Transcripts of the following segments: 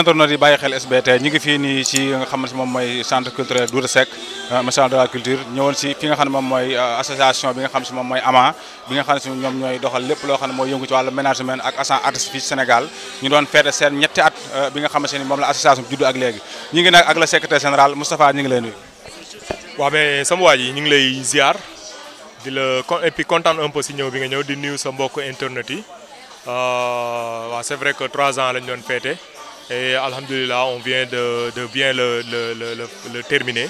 internet yi bàyyi xel SBT ñi ngi fii nga xam ne moom mooy centre culturel Douta Seck euh, maison de la culture ñëwoon si fi nga xam ne moom mooy euh, association bi nga xam si moom mooy AMA bi nga xam si ñoom mooy yëngu ci wàllu management ak agent artiste fii euh, bi nga xam ne moom la association bi juddu ak léegi ñu nag ak le secrétaire général Moustapha ñu lay nuyu. waaw internet yi waaw c'est vrai que trois ans lañ doon feete Et Alhamdulillah, on vient de, de bien le, le, le, le terminer.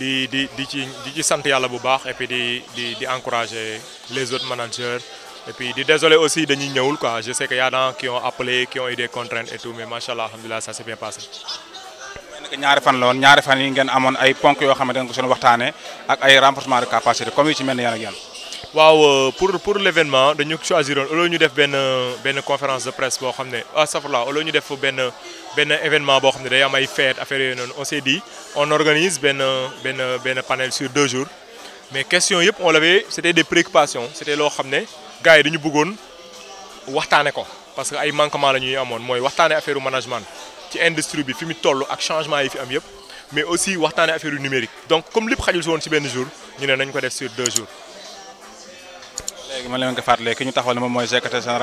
di di di ci di ci sant yàlla bu baax et di di di encourager les autres managers et puis di désolé aussi dañuy ñëwul quoi je sais que y a qui ont appelé qui ont eu contraintes et tout mais macha allah alhamdulilah ça s'est bien passé. ñaari fan la woon ñaari fan yi ngeen amoon ay ponk yoo xamante ne ko seen waxtaanee ak ay renforcement de capacité comme yu ci mel ni yàlla ak waaw euh, pour pour l' événement dañu choisiroon au ñu def benn benn conférence de presse boo xam ne astafurlah ah, au lieu ñu def benn benn événement boo xam ne day am ay fête affaire yooyu noonu on s' on organise benn benn benn panel sur deux jours mais question yëpp on l' avait c' des préoccupations c' loo xam ne gars yi dañu bëggoon waxtaane ko parce que ay manquement la ñuy amoon mooy waxtaane affaire management ci industrie bi fi mu toll ak changement yi fi am yëpp mais aussi waxtaane affaire numérique donc comme lépp si woon si ñu ne nañ ko def sur deux jours léegi man leen ko fàttalee ki ñu taxawal moom mooy secrétaire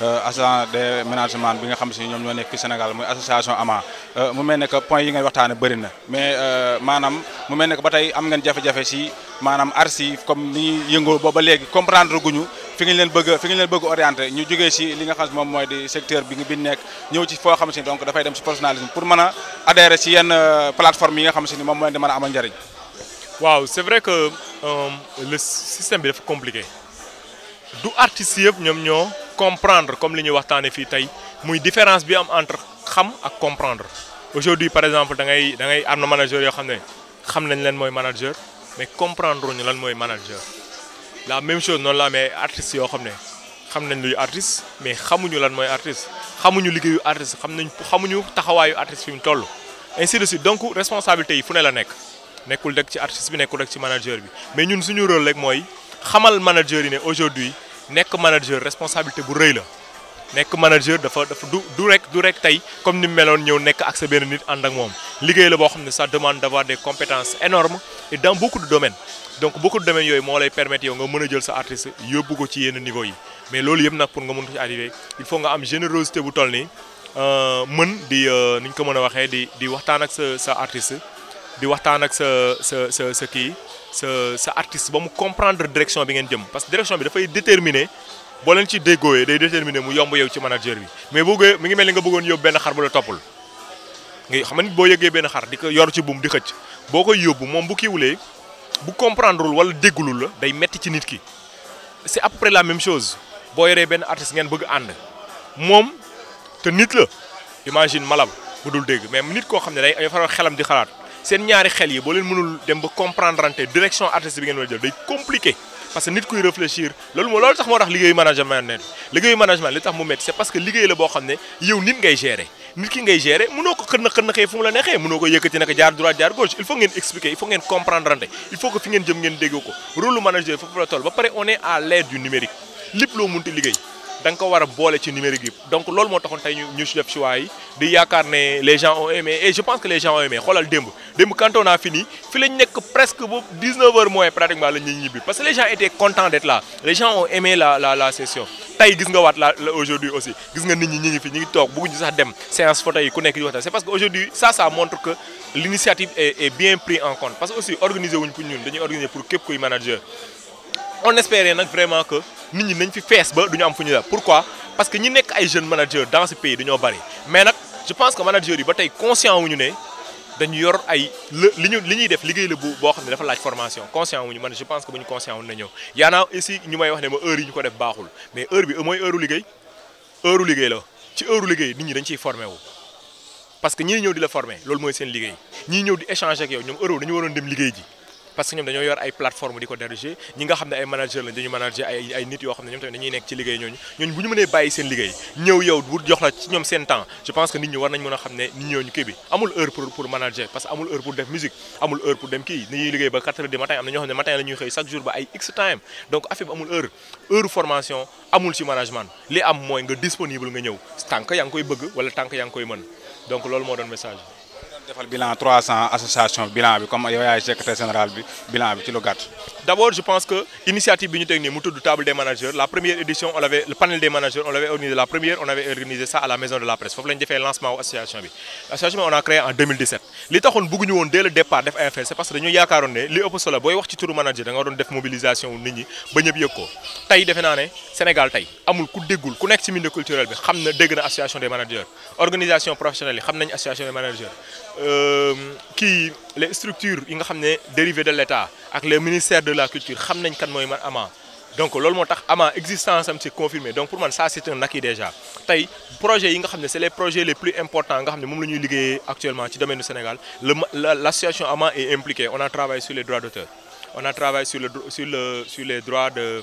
euh, bi nga xam si ñoom ñoo nekk fi Sénégal muy association AMA euh, mu mel na mais euh, si maanaam archive comme ni ñuy yëngoo ba ba léegi comprendre guñu fi nga leen bëgg fi nga ñu jógee si li nga xam moom mooy di secteur bi bi nekk ñëw ci foo xam si donc dafay dem a nga xam si ni moom mooy di mën a amal njëriñ waaw c'est vrai que le système bi dafa compliqué du artistes yëpp ñoom ñoo comprendre comme li ñuy waxtaanee fii tey muy différence bi am entre xam ak comprendre aujourd'hui par exemple da ngay da ngay am na manager yoo xam ne xam nañ leen mooy manager mais comprendre ñu lan mooy manager la même chose noonu la amee artistes yoo xam ne xam nañ luy artiste mais xamuñu lan mooy artiste xamuñu liggéeyu artiste xam nañ xamuñu taxawaayu artiste fi mu toll ainsi de suite donc responsabilité yi fu ne la nekk nekkul rek ci artiste bi nekkul rek ci manager bi mais ñun suñu rôle rek mooy xamal manager yi ne aujourd'hui nekk manager responsabilité bu rëy la nekk manager dafa dafa du du rek du rek tey comme ni mu meloon ñëw nekk ak sa benn nit ànd ak moom liggéey la boo xam ne ça demande d'avoir des compétence énormes et dans beaucoup de domaines donc beaucoup de domaines yooyu moo lay permettre yow nga mën a jël sa artiste yóbbu ko ci yenn niveau yi mais loolu yëpp nag pour nga mën ko ci arriver il faut nga am générosité bu toll nii euh, mën di euh, ni ñu ko mën a waxee di di waxtaan ak sa sa artiste di waxtaan ak sa sa sa sa kii. sa sa artiste ba mu comprendre direction bi ngeen jëm parce que direction bi dafay déterminer boo leen ci déggooyee day déterminer mu yomb yow ci manager bi mais boo mi ngi mel ni nga bëggoon yóbbu benn xar bu la toppul nga xam ne boo yëgee benn xar di ko yor ci buum di xëcc boo koy yóbbu moom bu kiiwulee bu comprendrewul wala déggulul la day metti ci nit ki c'est après la même chose boo yoree benn artiste ngeen bëgg ànd moom te nit la imagine malab bu dul dégg mais nit koo xam ne day faral xelam di xalaat seen ñaari xel yi boo leen mënul dem ba comprendre ante direction artiste bi ngeen war jël day compliqué parce que nit kuy réfléchir loolu moo loolu tax moo tax liggéeyu management ne liggéeyu management li tax mu métti c'est parce que liggéey la boo xam ne yow nit ngay gérer nit ki ngay gérer mënoo ko xën na xën na xëy fu mu la neexee mënoo ko yëkkati naka jaar droite jaar gauche il faut ngeen expliquer il faut ngeen comprendre il faut que fi ngeen jëm loo munti liggéey da war a boole ci numérique yi donc loolu moo taxoon tey ñu ñu def choix yi di yaakaar ne les gens ont aimé et je pense que les gens ont aimé xoolal démb démb quand on a fini fi lañ nekk presque ba 19 heures moins pratiquement la ñuy ñibbi parce que les gens étaient contents d'être là les gens ont aimé la la session tey gis nga waat la aujourd'hui aussi gis nga nit ñi ñi ngi fi ñi ngi sax dem séance photo yi ku nekk di waxtaan c'est parce que aujourd'hui ça ça montre on espérait nag vraiment que nit ñi nañ fi fees ba du ñu am fu ñu la pourquoi parce que ñi nekk ay jeunes managers dans ce pays dañoo bari mais nag je pense que managers yi ba tey conscient wu ñu ne dañu yor ay li ñuy def liggéey la bu boo xam ne dafa laaj formation conscient wu ñu man je pense que bu ñu conscient wu na ñëw yaanaa ici ñu may wax ne ma heure yi ñu ko def baaxul mais heure bi mooy heure liggéey heure liggéey la ci heure liggéey nit ñi dañ formé wu parce que ñii ñëw di loolu mooy seen liggéey ñii ñëw di échanger ak yow ñoom heure dañu waroon parce que ñoom dañoo yor ay plateforme di ko diriger ñi nga xam ne ay manager lañ manager ay nit yoo xam ne ñoom tamit dañuy nekk ci liggéey ñooñu ñooñu bu ñu mënee bàyyi seen liggéey ñëw yow bu jox la ci ñoom seen temps je pense que nit ñi war nañ mën a xam ne nit ñooñu kii amul heure pour manager parce que amul heure pour def musique amul heure pour dem kii ni ñuy liggéey ba 4 heures du matin am na ñoo xam ne matin la ñuy chaque jour wala tànk yaa ngi koy mën donc defal bilan 300 association bilan bi ci lu gàtt. d' je pense que initiative bi ñu teg nii mu tudd table des managers la première édition on avait panel des managers on l'avait organisé la première on avait organisé ça à la maison de la presse foofu la defee lancement association bi. on a créé en 2017 li taxoon bëgguñu woon dès le départ def ay affaires c' est parce que dañoo yaakaaroon ne li ëpp solo booy wax ci turu manager da nga def mobilisation na dégg na association Euh, kii les structures yi nga xam ne dérivées de l'État ak les ministères de la culture xam nañ kan mooy man Ama donc loolu moo tax Ama existence am c'est confirmé donc pour man ça c'est un acquis déjà tey projet yi nga xam ne c'est les projets les plus importants nga xam ne moom la ñuy liggéeyee actuellement ci domaine du Sénégal le l'association Ama est impliquée on a travaillé sur les droits d'auteur on a travaillé sur le sur le les droits de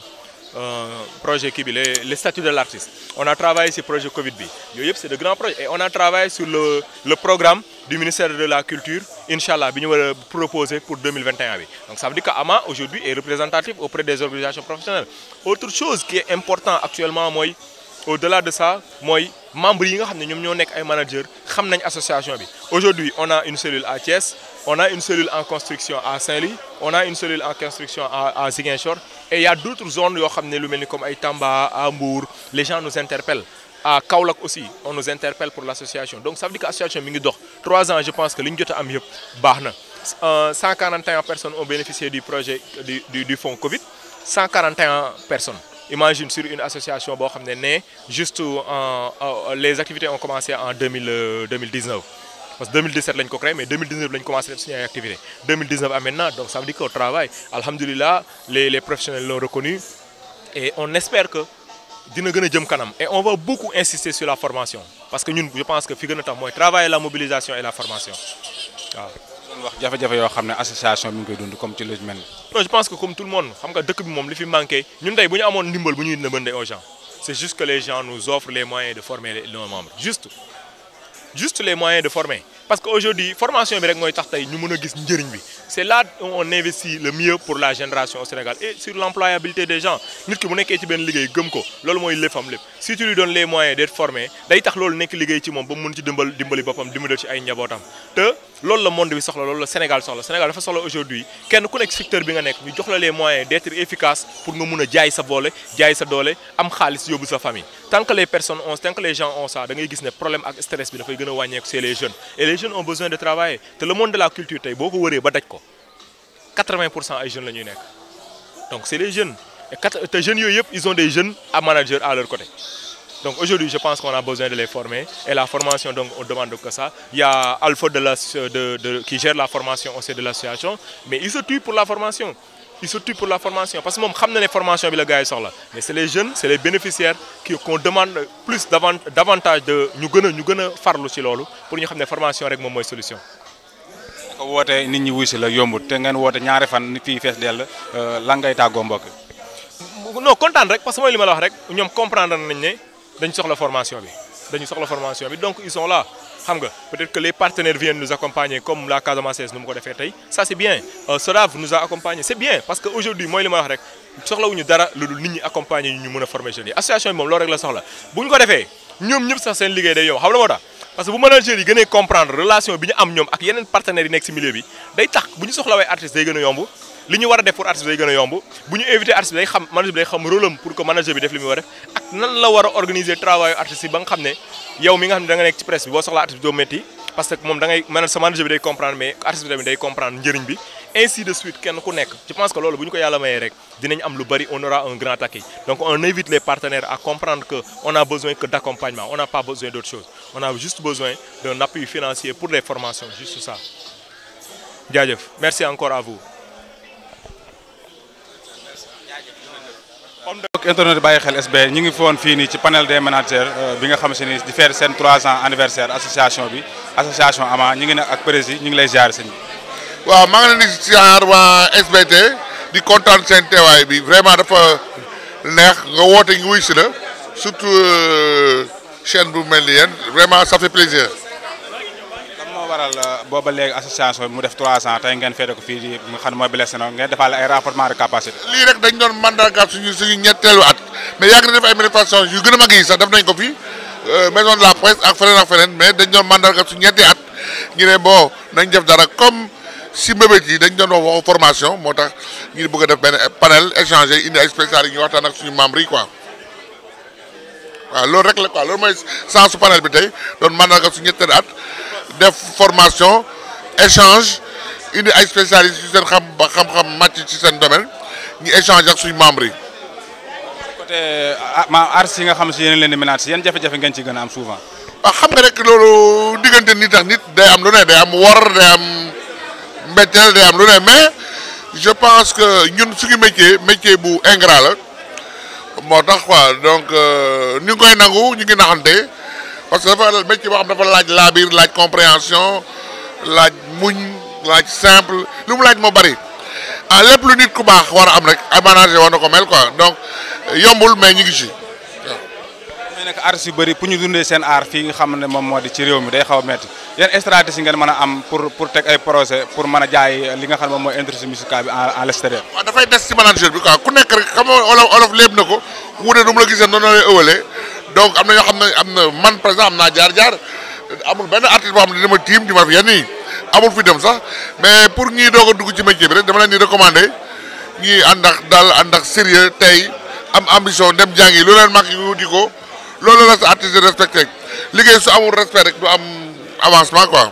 projet qui les, les statuts de l'artiste. On a travaillé sur le projet Covid B. c'est de grands projets et on a travaillé sur le, programme du ministère de la Culture, Inch'Allah, qui nous proposé pour 2021. Donc ça veut dire qu'AMA aujourd'hui e représentatif auprès des organisations professionnelles. Autre chose qui est important actuellement, moi, au-delà de ça, moi, membres yi nga xam ne ñoom ñoo nekk ay manager xam nañ association bi aujourd'hui on a une cellule en construction à Saint-Louis on a une cellule en et il d'autres zones yoo xam ne lu mel ni comme ay Tamba à Mbour les gens nous interpellent à Kaolack aussi on nous interpelle pour l'association donc ça veut dire que association mi ngi dox trois ans je pense que li ñu jot a am yëpp baax na 141 euh, personnes ont bénéficié du projet du du, du fonds Covid 141 personnes imagine sur une association boo xam ne ne juste en euh, euh, les activités ont commencé en 2000 2019 parce que 2017 lañ ko créé mais 2019 lañ commencé def suñu ay activité 2019 à maintenant donc ça veut dire qu'au travail alhamdulilah les les professionnels l'ont reconnu et on espère que dina gën a jëm kanam et on va beaucoup insister sur la formation parce que ñun je pense que fi gën a tax mooy travailler la mobilisation et la formation waaw. doon wax jafe-jafe yoo xam ne association bi ñu koy dund comme ci lu mel non je pense que comme tout le monde xam nga dëkk bi moom li fi manqué ñun tey bu ñu amoon ndimbal bu ñuy nëbëndee aux gens c'est juste que les gens nous offrent les moyens de former leurs membres juste. juste les moyens de former parce que aujourd'hui formation bi rek mooy tax tey ñu mën a gis njëriñ bi c'est là où on investit le mieux pour la génération au Sénégal et sur l'employabilité des gens nit ki bu nekkee ci benn liggéey gëm ko loolu mooy léppam lépp si tu lui donnes les moyens d'être formé day tax loolu nekk liggéey ci moom ba mu mën ci dimbal dimbali boppam dimbali ci ay njabootam loolu la monde bi soxla loolu la Sénégal soxla Sénégal dafa soxla aujourd'hui kenn ku nekk secteur bi nga nekk ñu jox la les moyens efficace pour nga mun a jaay sa boole jaay sa doole am xaalis yóbbu sa famille tant que les personnes ont tant que les gens ont ça da gis ne problème ak stress bi dafay gën a wàññeeku c'est les jeunes et les jeunes ont besoin de travailler te le monde la culture tey boo ko wëree ba daj ko 80 pour cent Donc aujourd'hui, je pense qu'on a besoin de les former. Et la formation, donc, on demande que ça. Il y a Alpha de la, euh, de, de, qui gère la formation au sein de l'association, mais il se tue pour la formation. Il se tue pour la formation. Parce que moi, je sais les formations que les gars sont Mais c'est les jeunes, c'est les bénéficiaires qu'on demande plus davantage de nous gagner faire le pour nous la formation avec mon solution. ko wootee ñi wuy si la yombut te ngeen woote ñaari fan fii fees dell euh, lan ngay tàggoo dañu soxla formation bi dañu soxla formation bi donc ils sont là xam nga peut-être que les partenaires viennent nous accompagner comme la Casamance nu mu ko defee tey ça c'est bien euh, SODAV nous a accompagné c'est bien parce que aujourd'hui mooy li ma wax rek soxlawuñu dara lu dul nit ñi accompagner ñu mën a former jeunes yi association bi moom loolu rek la soxla bu ñu ko defee ñoom ñëpp sax seen liggéey day yow xam la moo tax parce que bu manager yi gën a comprendre relation bi ñu am ñoom ak yeneen partenaires yi nekk ci milieu bi day tax bu ñu soxlawee artistes li ñu war a def pour artiste day gën a yomb bu ñu invité artiste day xam manager bi day xam rôle pour que manager bi def li muy war def ak nan la war organiser travail artiste yi ba nga xam ne yow mi nga xam ne da nekk ci presse bi boo soxlaa artiste bi doo métti parce que moom da sa manager bi day comprendre mais artiste bi day comprendre njëriñ bi ainsi de suite kenn ku nekk je pense que loolu bu ñu ko yàlla mayee rek dinañ am lu bari on aura un grand accueil donc on invite les partenaires à comprendre que que d'accompagnement on n'a pas besoin d'autre chose on a juste besoin d'un appui financier pour les formations juste ça mbokk internet bàyyi xel SB ñu ngi foon fii nii ci panel des managers euh, bi nga xam si ni di faire seen trois ans anniversaire association bi association ama ñu ngi nag ak président ñu ngi lay ziar sëñ bi waaw maa ngi leen di ziar waa SBT di kontaan seen teewaay bi vraiment dafa neex nga woote ngi wuy si la surtout euh, chaîne bu mel ni yéen vraiment ça fait plaisir waral euh, booba léegi association bi mu def 3 ans tey ngeen féete ko fii di xam ne mooy blessé na ngeen defaale ay renforcement de capacité. lii rek dañ doon mandargaal suñu suñu ñetteelu at mais yàgg na def ay manifestations yu gën a mag yi sax def nañ ko fii euh, maison de la presse ak feneen ak feneen mais dañ doon mandargaal suñu ñetti a def at def formation échange indi ay spécialistes yu seen xam ba xam-xam màcc ci seen domaine ñu échange ak suy membre yi. côté ah, ma arts yi nga xam si yéen leen di menacer yan jafe-jafe ngeen ci gën a am souvent. waaw xam nga rek loolu diggante nit ak nit day am lu ne day am wor day am mbetteel day am lu mais je pense que ñun suñu métier métier bu ingrat la moo tax quoi donc euh, ñu ngi koy nangu ñu ngi naxante. parce que dafa métier boo xam dafa laaj laabiir laaj compréhension laaj muñ laaj simple lu mu laaj moo bari a ah, lépp lu nit ku baax war a am rek aménagé war na ko mel quoi donc yombul mais ñu ngi ci. artistes yu bëri pour dundee seen art fii nga xam ne moom moo ci réew mi day xaw a métti yan stratégie ngeen mën a am pour teg ay projet pour mën a jaay li xam moom mooy industrie musicale bi en l'extérieur waaw dafay des si manager bi quoi ku nekk rek xam olof olof léeb na ko wuute nu mu la gisee noonu lay ëwalee donc am na ne am na man par exemple am naa jaar-jaar amul benn artiste boo xam ne dama tiim di ma fi yenn yi amul fi dem sax mais pour ñiy doog a dugg ci métier bi rek dama leen daal ànd ak sérieux tey am ambition dem jàngi lu leen mag ñu wuti ko loolu la sa artiste respecté rek liggéey su amul respect rek du am avancement quoi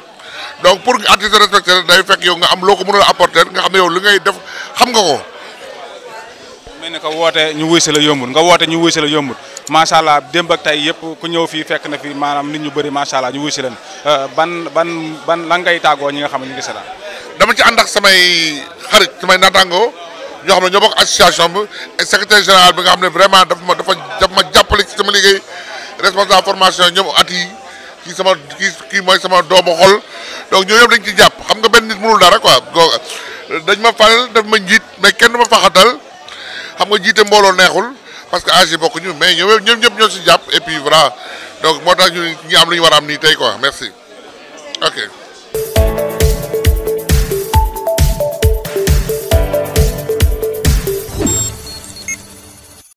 donc pour artiste respecté rek day fekk yow nga am loo ko mën a nga xam ne yow li ngay def xam nga ko. mel ni woote ñu wuy si la yombul nga woote ñu wuy si la yombul macha allah démb ak tey yëpp ku ñëw fii fekk na fi maanaam nit ñu bëri macha allah ñu si leen euh, ban ban ban lan ngay tàggoo ñi nga xam ne ñu ngi dama ci ànd ak samay xarit samay naataangoo ñoo xam ne ñoo bokk association bi et secrétaire général bi nga xam ne vraiment dafa ma dafa dafa sama liggéey responsable formation ñoom at yi kii sama kii mooy sama doomu xol donc ñoo ñëpp dañ ci jàpp xam nga benn nit mënul dara quoi dañ ma fal daf ma njiit mais kenn ma faxatal xam nga jiite mbooloo neexul parce que âge yi bokk ñu mais ñoom ñoom ñëpp ñoo si jàpp et puis voilà donc moo tax ñu ñi am lu ñu war a am nii tey quoi merci ok